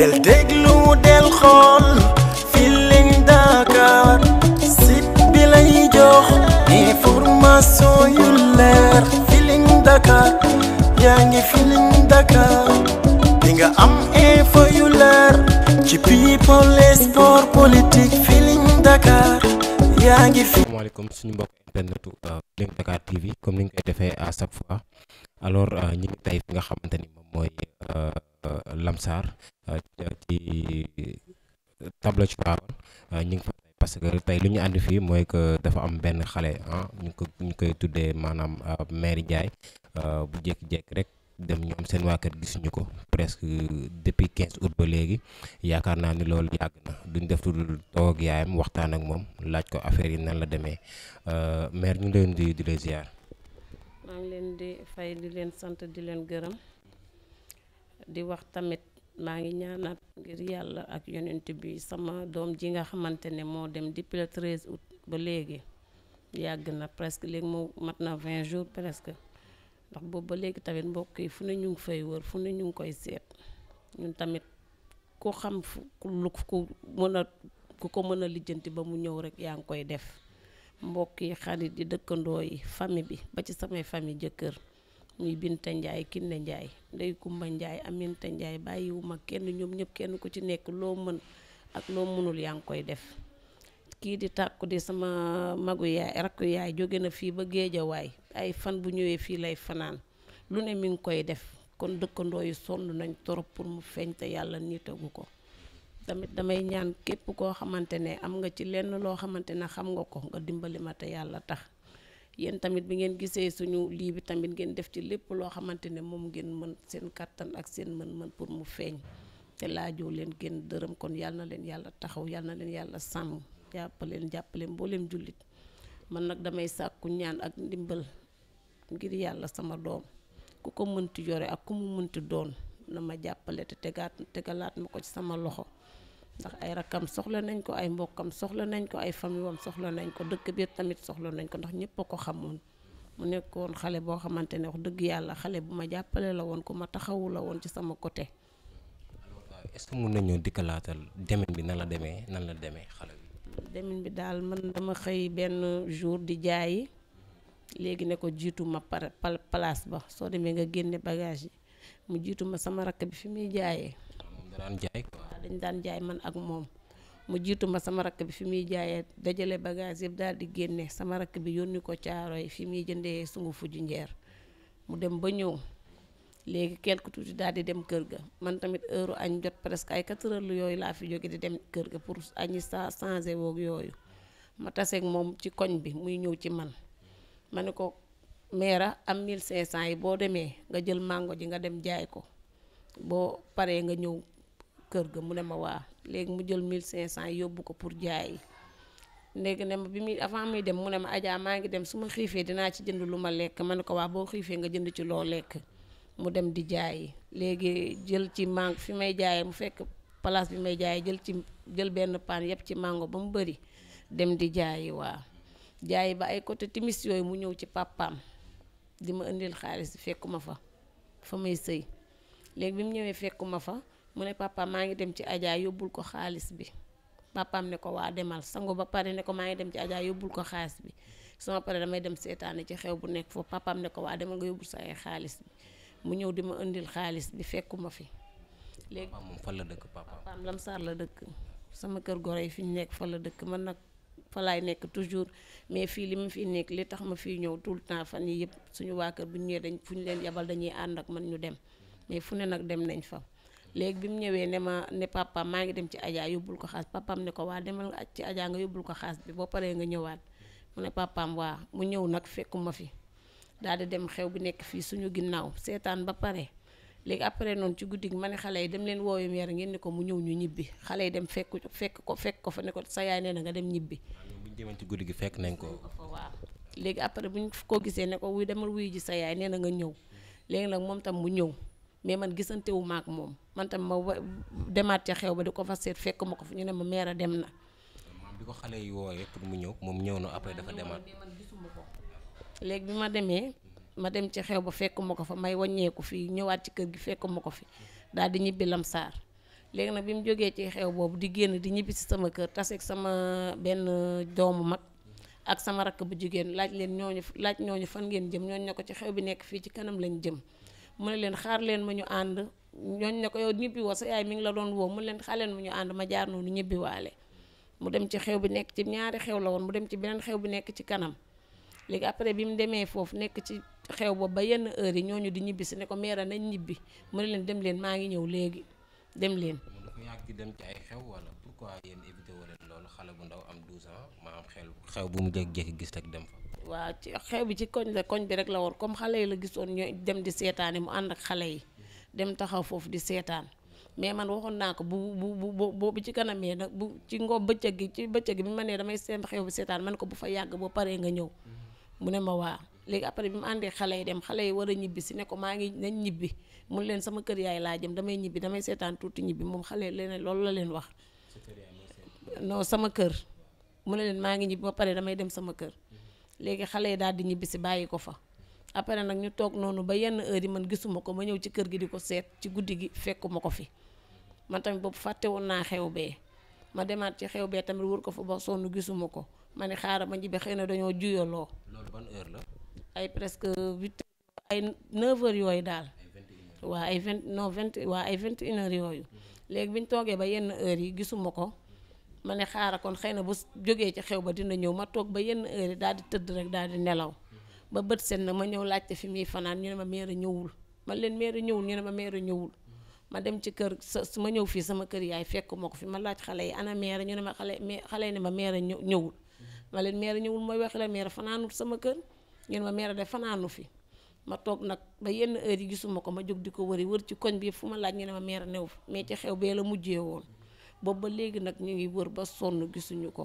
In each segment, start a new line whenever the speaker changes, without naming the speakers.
del déglu del xool Feeling Dakar site bi lay jox information yu leer Feeling Dakar yaa ngi Feeling Dakar di am info yu leer ci people sport politique Feeling Dakar yaa ngi fi. asalaamaaleykum suñu mbokk internetu euh, Dakar TV comme ni nga koy defee à chaque fois alors euh, ñu fi nga xamante ni moom mooy. Euh, Euh, Lamsar euh, ci tableau ci Tivaouane euh, ñu ngi fa tey parce que tey li ñu ànd fii mooy que dafa am benn xale ah ñu ko ñu koy tuddee maanaam maire Ndiaye bu jékki-jékki rek dem ñoom seen waa gisuñu ko presque depuis quinze août ba léegi yaakaar naa ni loolu yàgg na duñ def lu dul toog yaayam waxtaan ak moom laaj ko affaire yi nan la demee maire ñu ngi leen di di la ziar.
maa leen di fay di leen sant di leen gërëm. di wax tamit maa ngi ñaanaat ngir yàlla ak yonent bi sama doom ji nga xamante ne moo dem depuis le 13 août ba léegi yàgg na presque léegi moo mat na vingt jours presque ndax boobu ba léegi tamit mbokk yi fu ne ñu ngi fay wër fu ne ñu ngi koy seet ñun tamit ku xam lu ku mën a ku ko mën a lijjanti ba mu ñëw rek yaa ngi koy def mbokk yi xarit yi dëkkandoo yi famille bi ba ci samay famille jëkkër muy Binta Ndiaye Kiné Ndiaye Ndey Kumba Ndiaye Aminta Ndiaye bàyyiwuma kenn ñoom ñëpp kenn ku ci nekk loo mën ak loo mënul yaa ngi koy def kii di tàkku di sama magu yaay rakku yaay jóge na fii ba géejawaay ay fan bu ñëwee fii lay fanaan lu ne mi ngi koy def kon dëkkandoo yi sonn nañ torop pour mu feeñ te yàlla niitagu ko tamit damay ñaan képp koo xamante ne am nga ci lenn loo xamante ne xam nga ko nga dimbali ma te yàlla tax yéen tamit bi ngeen gisee suñu lii bi tamit ngeen def ci lépp loo xamante ne moom ngeen mën seen kàttan ak seen mën-mën pour mu feeñ te laajoo leen kenn dërëm kon yal na leen yàlla taxaw yal na leen yàlla sàmm jàppaleen jàppale mbooleem jullit man nag damay sàkku ñaan ak ndimbal ngir yàlla sama doom ku ko mënti yore ak ku mu mënti doon na ma jàppale te tegaat tegalaat ma ko ci sama loxo ndax ay rakkam soxla nañ ko ay mbokkam soxla nañ ko ay famiwam soxla nañ ko dëkk bi tamit soxla nañ ko ndax ñëpp a ko xamoon mu nekkoon xale boo xamante ne wax dëgg yàlla xale bu ma jàppale la woon ku ma taxawu la woon ci sama côté.
est-ce que mun nañoo dikkalaatal demin bi nan la demee nan la demee xale bi.
demin bi daal man dama xëy benn jour di jaayi léegi ne ko jiitu ma par ba soo demee nga génne bagage yi mu jiitu ma sama rakk bi fi muy jaayee.
daan jaay quoi. waaw dañ daan
jaay man ak moom mu jiitu ma sama rakk bi fi muy jaayee dajale bagage yëpp daal di génne sama rakk bi yónni ko caaro yi fi muy jëndee sungufu fuju njeer mu dem ba ñëw léegi quelque tuuti daal di dem kër ga man tamit heure añ jot presque ay 4 heures yooyu laa fi jóge di dem kër ga pour añi sa changé woog yooyu ma taseeg moom ci koñ bi muy ñëw ci man ma ne ko meera am 1500 yi boo demee nga jël mango ji nga dem jaay ko boo paree nga ñëw kër ga mu ne ma waa léegi mu jël 1500 yóbbu ko pour jaay léegi ne ma bi muy avant muy dem mu ne ma ajaa maa ngi dem su ma xiifee dinaa ci jënd lu ma lekk ma ne ko waa boo xiifee nga jënd ci loo lekk mu dem di jaayi léegi jël ci mango fi may jaayee mu fekk place bi may jaay jël ci jël benn paan yëpp ci mango ba mu bëri dem di jaayi waa jaay ba ay côté timis yooyu mu ñëw ci pàppaam di ma indil xaalis fekkuma fa fa may sëy léegi bi mu ñëwee mu ne papa maa ngi dem ci Adja yóbbul ko xaalis bi papaam ne ko waa demal sangu ba pare ne ko maa ngi dem ci Adja yóbbul ko xaalis bi sama pare damay dem seetaane ci xew bu nekk foofu papaam ne ko waa demal nga yóbbul sa ay xaalis bi mu ñëw di ma indil xaalis bi fekkuma fi. léegi moom fan la dëkk papaam Lamsaar la dëkk sama kër goro yi fi ñu nekk fa la dëkk man nag fa laay nekk toujours mais fii li ma fi nekk li tax ma fiy ñëw tout le temps fan yii yëpp suñu waa kër bu ñu ñëwee dañ fu ñu leen yabal dañuy ànd ak man ñu dem mais fu ne nag dem nañ fa. léegi bi mu ñëwee ne ma ne papa maa ngi dem ci ajaa yóbbul ko xaas papaam ne ko waa demal nga ci Adja nga ko xaas bi boo paree nga ñëwaat mu ne papaam waa mu ñëw nag fekkuma fi daal di dem xew bi nekk fii suñu ginnaaw seetaan ba pare léegi après noonu ci guddi gi ma xale yi dem leen woowu meer ngeen ne ko mu ñëw ñu ñibbi xale yi dem fekk ko fekk ko fa ne ko sa yaay na nga dem ñibbi.
bu ñu ci guddi gi fekk nañ ko.
waaw léegi après bu ñu ko gisee ne ko wuy demal wuy ji sa yaay nee na nga ñëw léegi nag moom tam mu ñëw mais man gisante wu ma moom man tam ma wa demaat ca xew ba di ko fa seet fekk ko fi ñu ne ma meera dem na.
yi woowee mu ñëw moom ñëw na après dafa
léegi bi ma demee ma dem ci xew ba fekk ma ko fa may wàññeeku fii ñëwaat ci kër gi fekkuma ko fi daal di ñibbi lamsaar léegi nag bi mu jógee ci xew boobu di génn di ñibbi si sama kër taseeg sama benn doomu mag ak sama rakk bu jigéen laaj leen ñooñu laaj ñooñu fan ngeen jëm ñooñu ne ko ci xew bi nekk fii ci kanam lañ jëm. mu ne leen xaar leen ma ñu ànd ñooñ ne ko yow ñibbi woo yaay mi ngi la doon woo mu ne leen xaar leen ma ñu ànd ma jaar noonu ñibbi waale
mu dem ci xew bi nekk
ci ñaari xew la woon mu dem ci beneen xew bi nekk ci kanam léegi après bi mu demee foofu nekk ci xew ba ba yenn heure yi ñooñu di ñibbi si ne ko meera nañ ñibbi mu ne leen dem leen maa ngi ñëw léegi dem leen.
yàgg di dem ci loolu xale bu ndaw am 12 xel xew bu mu jékki gis rek dem waaw ci
xew bi ci koñ la koñ bi rek la war comme xale yi la gisoon ñooy dem di seetaani mu ànd ak xale yi dem taxaw foofu di seetaan mais man waxoon naa ko bu bu bu boobu ci kanamee nag bu ci ngoo bëccëg gi ci bëccëg bi ma nee damay seen xew seetaan man ko bu fa yàgg boo paree nga ñëw mm-hmm. mu ne ma waa léegi après bi mu àndee xale yi dem xale yi war a ñibbi si ne ko maa ngi nañ ñibbi mun leen sama kër yaay laa jëm damay ñibbi damay seetaan tuuti ñibbi moom xale leneen loolu la leen wax non sama kër mu ne leen maa ngi ñibbi ba pare damay dem sama kër léegi xale yi daal di ñibbisi bàyyi ko fa après nag ñu toog noonu ba yenn heure yi man gisuma ko ma ñëw ci kër gi di ko seet ci guddi gi fekkuma ko fi man tamit boobu fàtte woon naa xew bee ma demaat ci xew bee tamit wër ko fa ba sonn gisuma ko ma ne xaaral ma ñibbi xëy na dañoo juyaloo.
loolu ban la.
ay presque huit ay neuf heures yooyu daal. waa ay vingt non waa ay vingt une heures yooyu. Mm-hmm. léegi bi ñu toogee ba yenn heure yi gisuma ko. ma ne xaara kon xëy na bu jógee ci xew ba dina ñëw ma toog ba yenn heure yi daal di tëdd rek daal di nelaw mm-hmm. ba bët set na ma ñëw laajte fi muy fanaan ñu ne ma meere ñëwul man leen meere ñëwul ñu ne ma meere ñëwul mm-hmm. ma dem ci kër sa ma ñëw fii sama kër yaay fekk ma ko fi ma laaj xale yi ana meere ñu ne ma xale xale ne ma meere ñëwul mm-hmm. ma leen meere ñëwul mooy waxi la meere fanaanul sama kër ñu ma meere de fanaanu fi ma toog nag ba yenn heure yi gisuma ko ma jóg di ko wëri wër ci koñ bi fu ma laaj ñu ne ma meere new mais ci xew bee la mujjee woon boobu ba léegi nag ñu ngi wër ba sonn gisuñu ko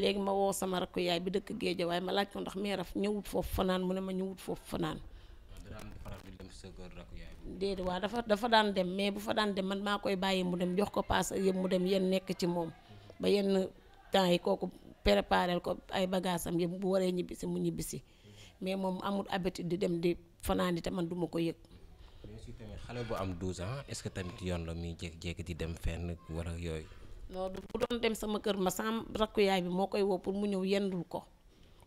léegi ma woo sama rakk yaay bi dëkk géeja waaye ma laaj ko ndax meer af ñëwut foofu fanaan mu ne ma ñëwut foofu fanaan déedéet waa dafa dafa daan dem mais bu fa daan dem man maa koy bàyyi mu dem jox ko paas yëpp mu dem yenn nekk ci moom ba yenn temps yi kooku préparel ko ay bagages am yëpp bu waree ñibbisi mu ñibbisi mais moom amul habitude di dem di fanaan te man duma ko yëg
mais xale bu am 12 ans est-ce que tamit yoon la muy jékki-jékki di dem fenn wala yooyu.
non bu doon dem sama kër ma sam rakku bi moo koy woo pour mu ñëw yendul ko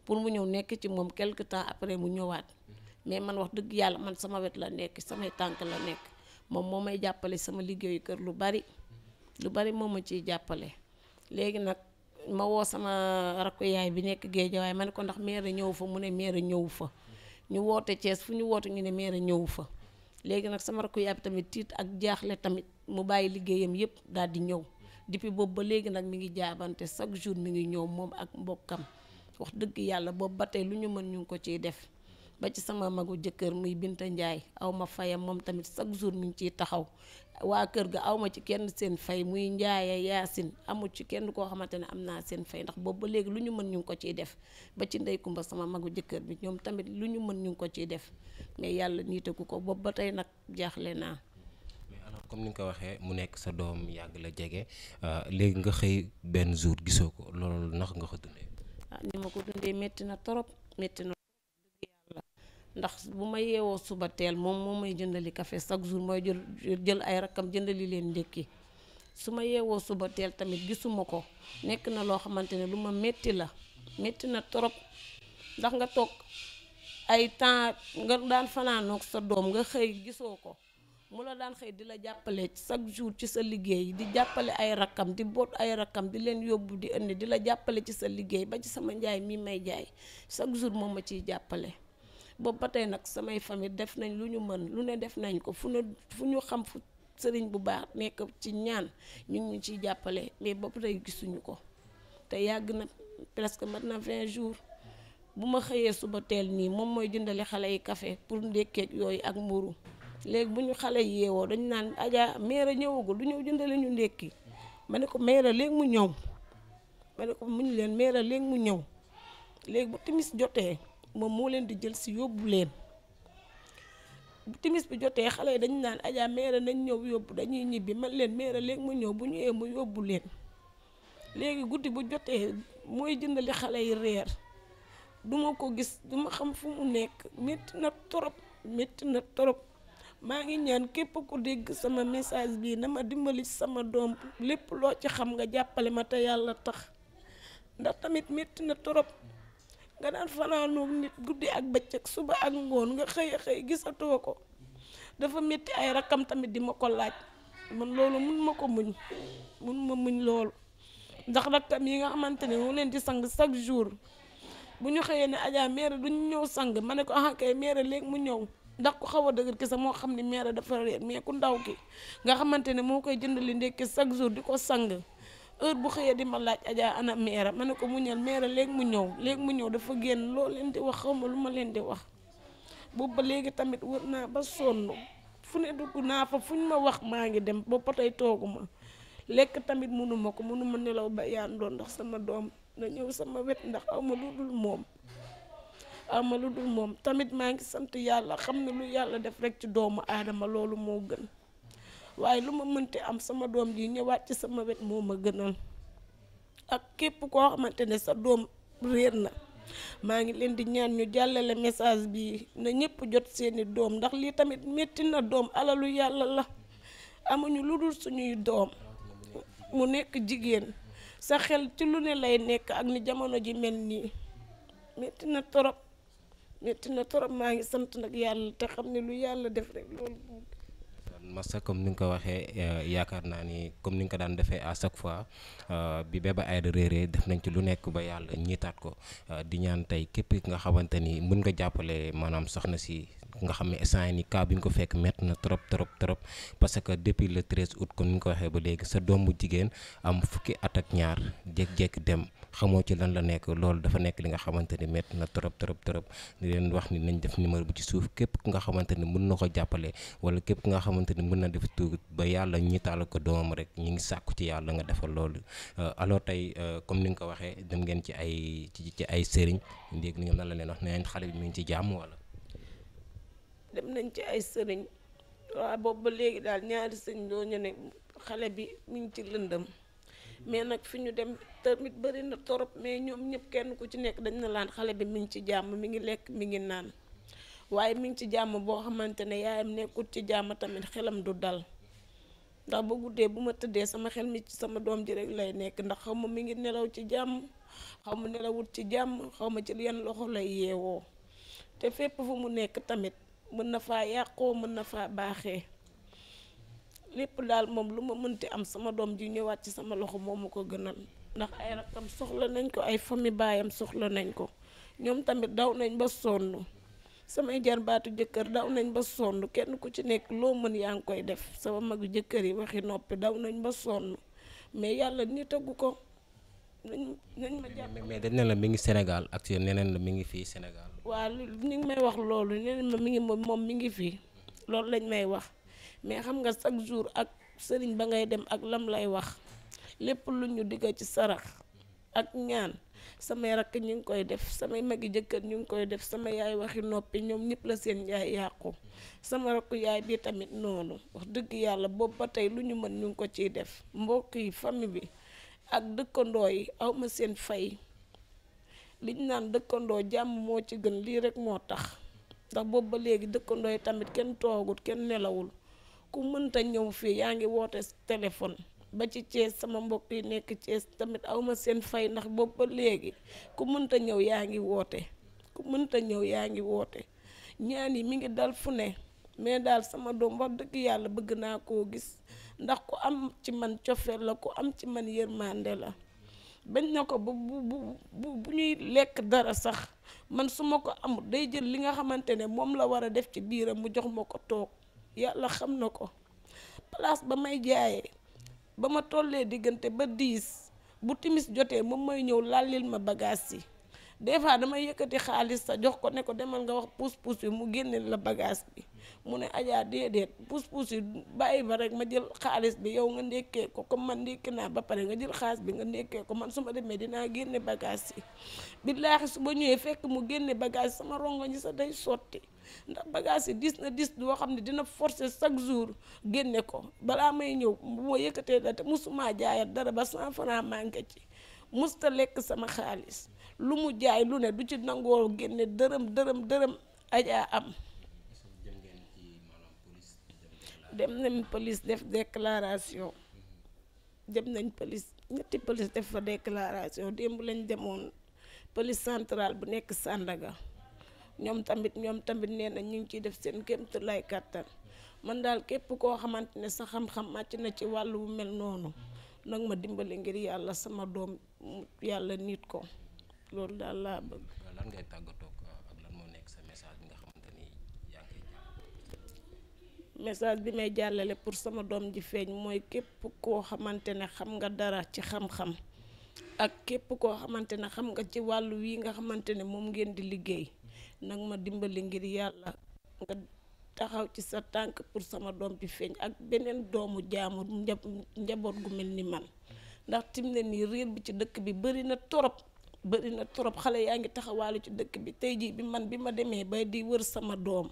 pour mu ñëw nekk ci moom quelque temps après mu ñëwaat mm-hmm. mais man wax dëgg yàlla man sama wet la nekk samay tànk la nekk moom moo may jàppale sama liggéeyu kër lu bari mm-hmm. lu bari moom ma ciy jàppale léegi nag ma woo sama rakku yaay bi nekk géejawaay ma ne ko ndax maire ñëw fa mu ne maire ñëwu fa mm-hmm. ñu woote Thiès fu ñu woot ñu ne maire ñëwu fa léegi nag sama rakk yaay bi tamit tiit ak jaaxle tamit mu bàyyi liggéeyam yëpp daal di ñëw depuis boobu ba léegi nag mi ngi jaabante chaque jour mi ngi ñëw moom ak mbokkam wax dëgg yàlla boobu ba tey lu ñu mën ñu ko ciy def ba ci sama magu jëkkër muy Binta Njaay aw ma fayam moom tamit chaque jour mu ngi ciy taxaw waa kër ga awma ci kenn seen fay muy Njaaya Yaasin amul ci kenn koo xamante ne am naa seen fay ndax boobu ba léegi lu ñu mën ñu ngi ko ciy def ba ci ndey kumba sama magu jëkkër bi ñoom tamit lu ñu mën ñu ngi ko ciy def mais yàlla ku ko boobu ba tey nag jaaxle naa.
comme ni nga ko waxee mu nekk sa doom yàgg la jege euh, léegi nga xëy benn jour gisoo ko loolu ndax nga ko dundee.
ah ni ma ko dundee métti ndax bu ma yeewoo suba teel moom moo may jëndali café chaque jour mooy jël jël ay rakkam jëndali leen ndékki su ma yeewoo suba teel tamit gisuma ko nekk na loo xamante ne lu ma metti la metti na trop ndax nga toog ay temps nga daan fanaanoog sa doom nga xëy gisoo ko mu la daan xëy di la jàppale chaque jour ci sa liggéey di jàppale ay rakkam di boot ay rakkam di leen yóbbu di indi di la jàppale ci sa liggéey ba ci sama njaay mii may jaay chaque jour moom ma ciy jàppale boobu ba tey nag samay famille def nañ lu ñu mën lu ne def nañ ko fu ne fu ñu xam fu sëriñ bu baax nekk ci ñaan ñu ngi ñu ciy jàppale mais boobu tey gisuñu ko te yàgg na presque mat na vingt jours bu ma xëyee suba teel nii moom mooy jëndale xale yi kafe pour ndékkeeg yooyu ak mburu léegi bu ñu xale yeewoo dañu naan ajaa maire ñëwagul du ñëw jëndale ñu ndékki ma ne ko maire léeg mu ñëw ma ne ko muñ leen maire léegi mu ñëw léegi bu timis jotee moom moo leen di jël si yóbbu leen bu timis bi jotee xale yi dañu naan ajaa meera nañ ñëw yóbbu dañuy ñibbi man leen meera léegi mu ñëw bu ñëwee mu yóbbu leen léegi guddi bu jotee mooy jëndali xale yi reer duma ko gis duma xam fu mu nekk métti na torop métti na torop maa ngi ñaan képp ku dégg sama message bii na ma dimbali sama doom lépp loo ci xam nga jàppale ma tax ndax tamit métti na torop nga daan fanaanoog nit guddi ak bëccëg suba ak ngoon nga xëy xëy gisatoo ko dafa metti ay rakkam tamit di ma ko laaj man loolu mun ma ko muñ mun ma muñ loolu ndax rakkam yi nga xamante ne mu leen di sang chaque jour bu ñu xëyee ne Adja mère duñ ñëw sang ma ne ko ah kay mère mu ñëw ndax ku xaw a dëgër ki sax moo xam ne mère dafa réer mais ku ndaw ki nga xamante ne moo koy jëndali ndekki chaque jour di ko sang. heure bu xëyee di ma laaj ajaa ana meera ma ne ko mu muñal meera léegi mu ñëw léegi mu ñëw dafa génn loo leen di wax xaw ma lu ma leen di wax boobu ba léegi tamit wër naa ba sonn fu dugg naa fa fu ma wax maa ngi dem ba potey toogu lekk tamit mënu ko mënu ma nelaw ba yaandoon ndax sama doom na ñëw sama wet ndax aw ma lu dul moom aw lu dul moom tamit maa ngi sant yàlla xam ne lu yàlla def rek ci doomu aadama loolu moo gën waaye lu ma mënti am sama doom ji ñëwaat ci sama wet moo ma gënal ak képp koo xamante ne sa doom réer na maa ngi leen di ñaan ñu jàllale message bi na ñëpp jot seeni doom ndax lii tamit metti na doom alalu yàlla la amuñu lu dul suñuy doom mu nekk jigéen sa xel ci lu ne lay nekk ak ni jamono ji mel nii metti na torop metti na torop maa ngi sant nag yàlla te xam ne lu yàlla def rek loolu
Massa comme ni nga ko waxee euh, yaakaar naa ni comme ni nga ko daan defee à chaque fois euh, bi Bébé Aïda réeree def nañ ci lu nekk ba yàlla ñiitaat ko euh, di ñaan tey képp ki nga xamante ni mën nga jàppale maanaam soxna si. nga xam ne instant yii bi ko fekk métti na trop trop trop parce que depuis le 13 août comme ni nga ko waxee ba léegi sa doom bu jigéen am fukki at ak ñaar jékki-jékki dem xamoo ci lan la nekk loolu dafa li nga xamante ni métti na trop trop trop di leen wax ni nañ def numéro bi ci suuf képp ku nga xamante ni mën na ko jàppale wala képp ku nga xamante ni mën na def tuut ba yàlla ñi taal ko doomam rek ñu ngi sàkku ci yàlla nga defal loolu euh, alors tey euh, comme ni nga ko waxee dem ngeen ci ay ci ci ay sëriñ léegi ñoom nan la leen wax nee nañ xale bi mu ngi ci jàmm wala.
dem nañ ci ay sëriñ waaw boobu ba léegi daal ñaari sëriñ doo ñu ne xale bi mu ngi ci lëndam mais nag fi ñu dem tamit bëri na torop mais ñoom ñëpp kenn ku ci nekk dañ na laan xale bi mi ngi ci jàmm mi ngi lekk mi ngi naan waaye mi ngi ci jàmm boo xamante ne yaayam nekkul ci jàmm tamit xelam du dal ndax ba guddee bu ma tëddee sama xel mi sama doom ji rek lay nekk ndax xaw ma mi ngi nelaw ci jàmm xaw ma nelawut ci jàmm xaw ma ci yenn loxo lay yeewoo te fépp fu mu nekk tamit mën na faa yàqoo mën na faa baaxee lépp daal moom lu ma mënti am sama doom ji ñëwaat ci sama loxo moom ma ko gënal ndax ay rakkam soxla nañ ko ay fami baayam soxla nañ ko ñoom tamit daw nañ ba sonn samay jarbaatu jëkkër daw nañ ba sonn kenn ku ci nekk loo mën yaa ngi koy def sama magu jëkkër yi waxi noppi daw nañ ba sonn mais yàlla ni tëggu ko nañ nañ ma jàpp mais dañ
ne la mi ngi Sénégal ak nee nañ la mi ngi fii Sénégal
waaw ñu may wax loolu nee ma mi ngi moom mi ngi fii loolu lañ may wax mais xam nga chaque jour ak sëriñ ba ngay dem ak lam lay wax lépp lu ñu digga ci sarax ak ñaan samay rakk ñu ngi koy def samay magi jëkkër ñu ngi koy def sama yaay waxi noppi ñoom ñëpp la seen yaay yàqu sama rakk yaay bii tamit noonu wax dëgg yàlla boobu ba tey lu ñu mën ñu ngi ko ciy def mbokk yi famille bi ak dëkkandoo yi awma seen fay liñ naan dëkkandoo jàmm moo ci gën lii rek moo tax ndax boobu ba léegi dëkkandoo yi tamit kenn toogut kenn nelawul ku mënta ñëw fii yaa ngi woote téléphone ba ci Thiès sama mbokk yi nekk Thiès tamit awma seen fay ndax boobu léegi ku mënta ñëw yaa ngi woote ku mënta ñëw yaa ngi woote ñaan yi mi ngi dal fu ne mais daal sama doom wax dëgg yàlla bëgg naa koo gis ndax ku am ci man cofeel la ku am ci man yërmande la bañ na ko ba bu bu bu ñuy lekk dara sax man su ma ko amul day jël li nga xamante ne moom la war a def ci biiram mu jox ma ko toog yàlla xam na ko place ba may jaayee ba ma tollee diggante ba diis bu timis jotee moom may ñëw laalil ma bagaas yi des fois damay yëkkati xaalis sa jox ko ne ko demal nga wax pousse-pousse bi mu génne la bagage bi mu ne Adja déedéet pousse-pousse yi bàyyi ba rek ma jël xaalis bi yow nga ndekkee ko comme man ndekki naa ba pare nga jël xaalis bi nga ndekkee ko man su ma demee dinaa génne bagage yi billaahi su ba ñëwee fekk mu génne bagage sama rongo ñi sa day sotti ndax bagage yi dis na dis boo xam ne dina forcer chaque jour génne ko balaa may ñëw bu yëkkatee da te musuma jaayat dara ba cent franc manqué ci musta lekk sama xaalis lu mu jaay lu ne du ci nangoo génne dërëm dërëm dërëm ajaa am dem nañ police def déclaration dem nañ police ñetti police def fa déclaration démb lañ demoon police centrale bu nekk sàndaga ñoom tamit ñoom tamit nee na ñu ngi ciy def seen kéemtu lay kàttan man daal képp koo xamante ne sa xam-xam màcc na ci wàllu mel noonu nag ma dimbali ngir yàlla sama doom yàlla nit ko loolu daal laa bëgg.
tàggatoo ak nekk sa message bi nga xamante ni yaa ngi
message bi may jàllale pour sama doom ji feeñ mooy képp koo xamante ne xam nga dara ci xam-xam ak képp koo xamante ne xam nga ci wàll wi nga xamante ne moom ngeen di liggéey nag ma dimbali ngir yàlla nga taxaw ci sa tànk pour sama doom ji feeñ ak beneen doomu jaamur njaboot gu mel ni man ndax tim ne nii réer bi ci dëkk bi bari na torop bëri na trop xale yaa ngi taxawaalu ci dëkk bi tey jii bi man bi ma demee ba di wër sama doom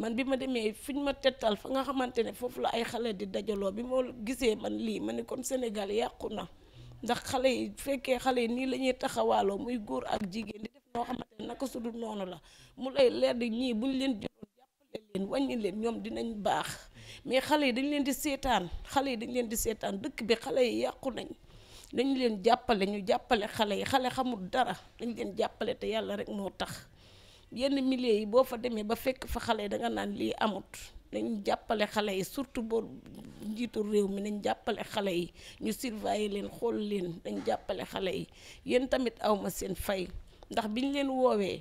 man bi ma demee fi ñu ma tettal fa nga xamante ne foofu la ay xale di dajaloo bi moo gisee man lii ma ne kon yàqu na ndax xale yi fekkee xale yi nii la ñuy taxawaaloo muy góor ak jigéen di def noo xamante ne naka su noonu la mu lay leer di ñii buñ leen jëloon jàppale leen wàññi leen ñoom dinañ baax mais xale yi dañ leen di seetaan xale yi dañ leen di seetaan dëkk bi xale yi yàqu nañ dañu leen jàppale ñu jàppale xale yi xale xamul dara dañ leen jàppale te yàlla rek moo tax yenn milliers yi boo fa demee ba fekk fa xale yi danga naan lii amut dañu jàppale xale yi surtout boo njiitu réew mi nañ jàppale xale yi ñu surveiller leen xool leen dañ jàppale xale yi yéen tamit awma seen fay ndax biñ leen woowee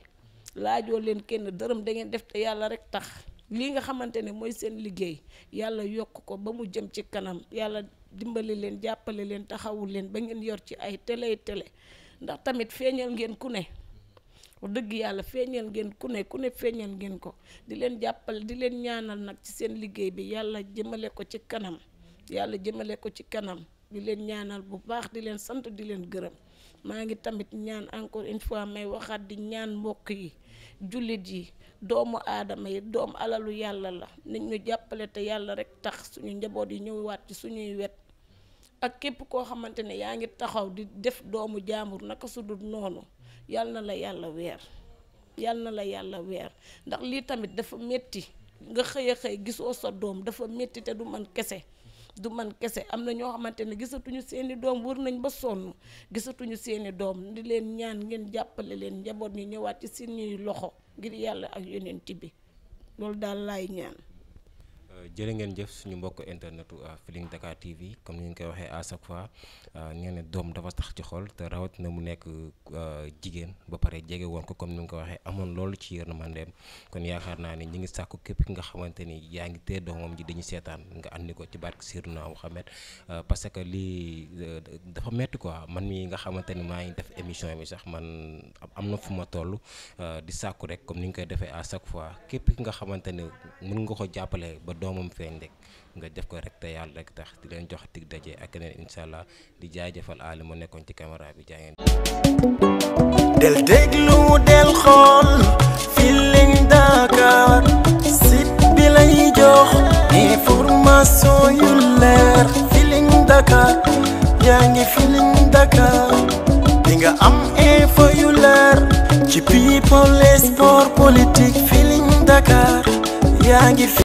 laajoo leen kenn dërëm da ngeen def te yàlla rek tax lii nga xamante ne mooy seen liggéey yàlla yokk ko ba mu jëm ci kanam yàlla dimbali leen jàppale leen taxawul leen ba ngeen yor ci ay télé télé ndax tamit feeñal ngeen ku ne wax dëgg yàlla feeñal ngeen ku ne ku ne feeñal ngeen ko di leen jàppale di leen ñaanal nag ci seen liggéey bi yàlla jëmale ko ci kanam yàlla jëmale ko ci kanam di leen ñaanal bu baax di leen sant di leen gërëm maa ngi tamit ñaan encore une fois may waxaat di ñaan mbokk yi jullit yi doomu aadama yi doom alalu yàlla la nit ñu jàppale te yàlla rek tax suñu njaboot yi ñëwaat ci suñuy wet ak képp koo xamante ne yaa ngi taxaw di def doomu jaambur naka su dul noonu yal na la yàlla weer yal na la yàlla weer ndax lii tamit dafa metti nga xëy a gisoo sa doom dafa metti te du man kese du man kese am na ñoo xamante ne gisatuñu seeni doom wër nañ ba sonn gisatuñu seeni doom di leen ñaan ngeen jàppale leen njaboot ñi ñëwaat ci suñuy loxo ngir yàlla ak yonent bi loolu daal laay ñaan
Euh, jërë ngeen jëf suñu mbokk internetu euh, Feeling Dakar TV comme ni ñu koy waxee à chaque fois euh, nee doom dafa tax ci xol te rawat na mu nekk jigéen ba pare jege woon ko comme ni nga ko waxee amoon loolu ci man yërmandeem kon yaakaar naa ne ñi ngi sàkku képp ki nga xamante ni yaa ngi tee doomam ji dañu seetaan nga andi ko ci barke Seydina Muhammad parce que lii dafa metti quoi man mi nga xamante ni maa ngi def émission bi sax man am na fu ma toll di sàkku rek comme ni ñu koy defee à chaque fois doomam feeñ rek nga def ko rek te rek tax di jox tig daje ak keneen allah di jaajëfal aali mu nekkoon ci caméra bi jaa ngeen. del
déglu del xool
Feeling Dakar site bi lay jox information yu leer Feeling Dakar yaa ngi Feeling Dakar di am info yu leer ci people sport politique
Feeling Dakar yaa ngi.